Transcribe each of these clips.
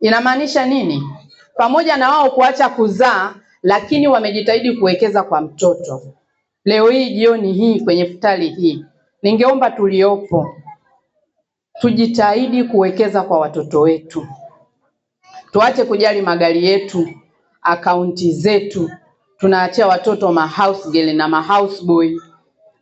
Inamaanisha nini? Pamoja na wao kuacha kuzaa, lakini wamejitahidi kuwekeza kwa mtoto. Leo hii jioni hii kwenye futari hii, ningeomba tuliopo tujitahidi kuwekeza kwa watoto wetu, tuache kujali magari yetu, akaunti zetu, tunaachia watoto house girl na house boy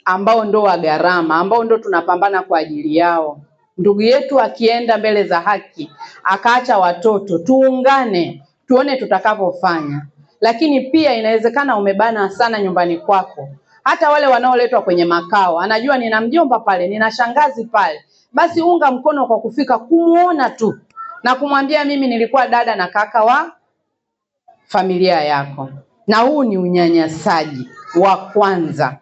ambao ndo wa gharama, ambao ndo tunapambana kwa ajili yao ndugu yetu akienda mbele za haki akaacha watoto, tuungane tuone tutakavyofanya. Lakini pia inawezekana umebana sana nyumbani kwako, hata wale wanaoletwa kwenye makao, anajua nina mjomba pale, nina shangazi pale, basi unga mkono kwa kufika kumuona tu na kumwambia mimi nilikuwa dada na kaka wa familia yako. Na huu ni unyanyasaji wa kwanza.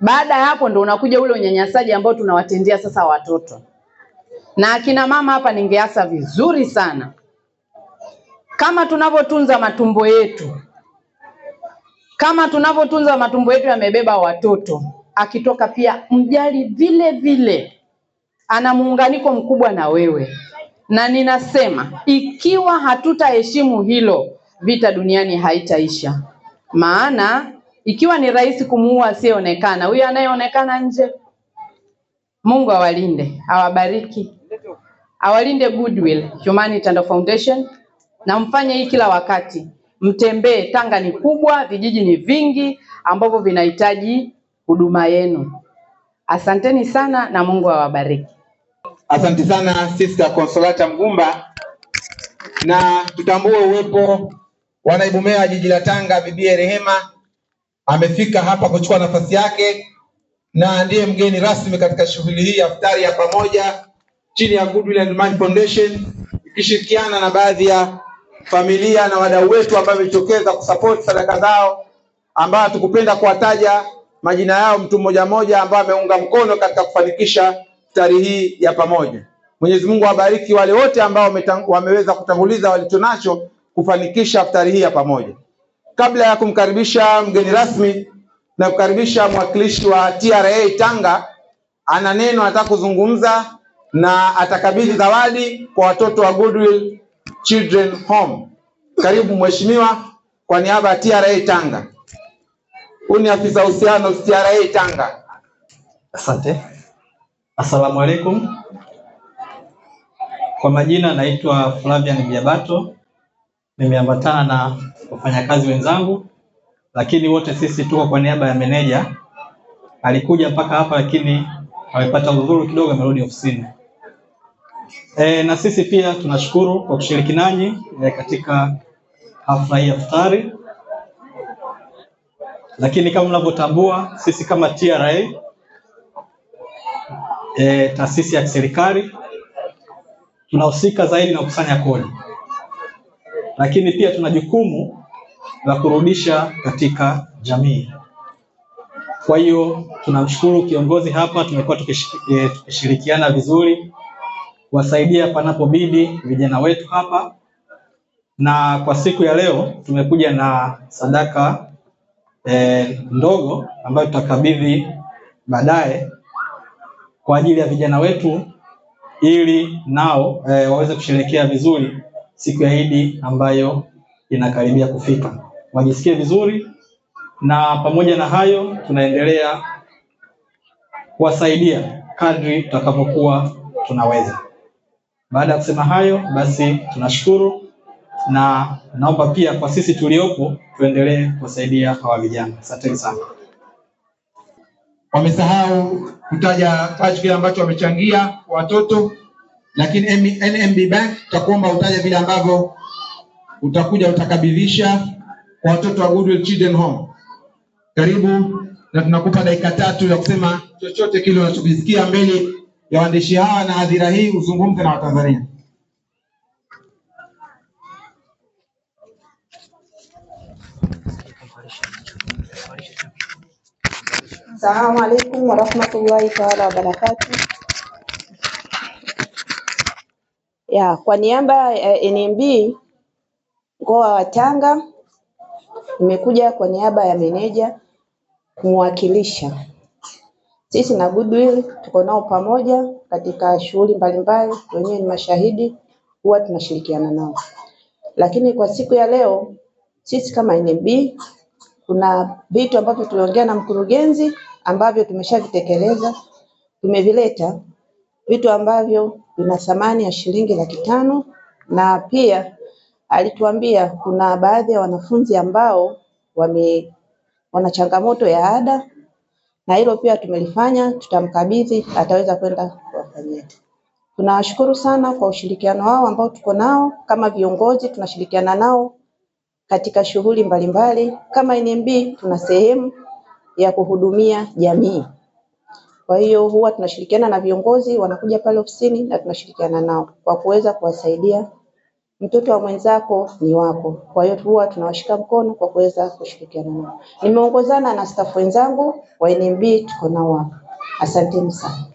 Baada ya hapo ndo unakuja ule unyanyasaji ambao tunawatendea sasa watoto na akina mama hapa ningeasa vizuri sana, kama tunavyotunza matumbo yetu, kama tunavyotunza matumbo yetu yamebeba watoto, akitoka pia mjali vile vile, ana muunganiko mkubwa na wewe. Na ninasema ikiwa hatutaheshimu hilo, vita duniani haitaisha. Maana ikiwa ni rahisi kumuua asiyeonekana, huyu anayeonekana nje, Mungu awalinde, awabariki awalinde Goodwill Humanity and Foundation, na mfanye hii kila wakati, mtembee. Tanga ni kubwa, vijiji ni vingi ambavyo vinahitaji huduma yenu. Asanteni sana na Mungu awabariki. Asante sana Sister Consolata Mgumba, na tutambue uwepo wa naibu meya jiji la Tanga Bibi Rehema amefika hapa kuchukua nafasi yake na ndiye mgeni rasmi katika shughuli hii ya iftari ya pamoja chini ya Goodwill and Mind Foundation ikishirikiana na baadhi ya familia na wadau wetu ambao wamejitokeza kusapoti sadaka zao, ambao tukupenda kuwataja majina yao mtu mmoja mmoja, ambao ameunga mkono katika kufanikisha iftari hii ya pamoja. Mwenyezi Mungu awabariki wale wote ambao wameweza kutanguliza walichonacho kufanikisha iftari hii ya pamoja. Kabla ya kumkaribisha mgeni rasmi na kukaribisha mwakilishi wa TRA Tanga, ana neno anataka kuzungumza na atakabidhi zawadi kwa watoto wa Goodwill Children Home. Karibu mheshimiwa, kwa niaba ya TRA Tanga. Huyu ni afisa uhusiano TRA Tanga. Asante. Asalamu alaikum. Kwa majina naitwa Flavian Biabato, nimeambatana na wafanyakazi wenzangu, lakini wote sisi tuko kwa niaba ya meneja. Alikuja mpaka hapa, lakini amepata udhuru kidogo, amerudi ofisini. E, na sisi pia tunashukuru kwa kushiriki nanyi e, katika hafla hii ya futari, lakini kama mnavyotambua sisi kama TRA e, taasisi ya kiserikali tunahusika zaidi na kukusanya kodi, lakini pia tuna jukumu la kurudisha katika jamii. Kwa hiyo tunamshukuru kiongozi hapa, tumekuwa e, tukishirikiana vizuri kuwasaidia panapobidi vijana wetu hapa. Na kwa siku ya leo tumekuja na sadaka e, ndogo ambayo tutakabidhi baadaye kwa ajili ya vijana wetu ili nao e, waweze kusherehekea vizuri siku ya Idi ambayo inakaribia kufika, wajisikie vizuri. Na pamoja na hayo, tunaendelea kuwasaidia kadri tutakapokuwa tunaweza. Baada ya kusema hayo, basi tunashukuru na naomba pia kwa sisi tuliopo tuendelee kuwasaidia hawa vijana. Asanteni sana. Wamesahau kutaja kile ambacho wamechangia kwa watoto, lakini NMB Bank tutakuomba utaje vile ambavyo utakuja utakabidhisha kwa watoto wa Goodwill Children Home. Karibu na tunakupa dakika tatu ya kusema chochote kile unachokisikia mbele ya waandishi hawa na hadhira hii uzungumze na Watanzania. Assalamu alaikum warahmatullahi taala wabarakatu. Ya, kwa niaba ya NMB mkoa wa Tanga nimekuja kwa niaba ya meneja kumwakilisha sisi na Goodwill tuko nao pamoja katika shughuli mbalimbali, wenyewe ni mashahidi, huwa tunashirikiana nao. Lakini kwa siku ya leo sisi kama NMB kuna vitu ambavyo tuliongea na mkurugenzi ambavyo tumeshavitekeleza, tumevileta vitu ambavyo vina thamani ya shilingi laki tano na pia alituambia kuna baadhi ya wanafunzi ambao wame wana changamoto ya ada na hilo pia tumelifanya, tutamkabidhi, ataweza kwenda kuwafanyia. Tunawashukuru sana kwa ushirikiano wao ambao tuko nao kama viongozi, tunashirikiana nao katika shughuli mbalimbali. Kama NMB tuna sehemu ya kuhudumia jamii, kwa hiyo huwa tunashirikiana na viongozi, wanakuja pale ofisini na tunashirikiana nao kwa kuweza kuwasaidia mtoto wa mwenzako ni wako. Kwa hiyo huwa tunawashika mkono kwa kuweza kushirikiana nao. Nimeongozana na stafu wenzangu wa NMB tuko nao hapa. Asanteni sana.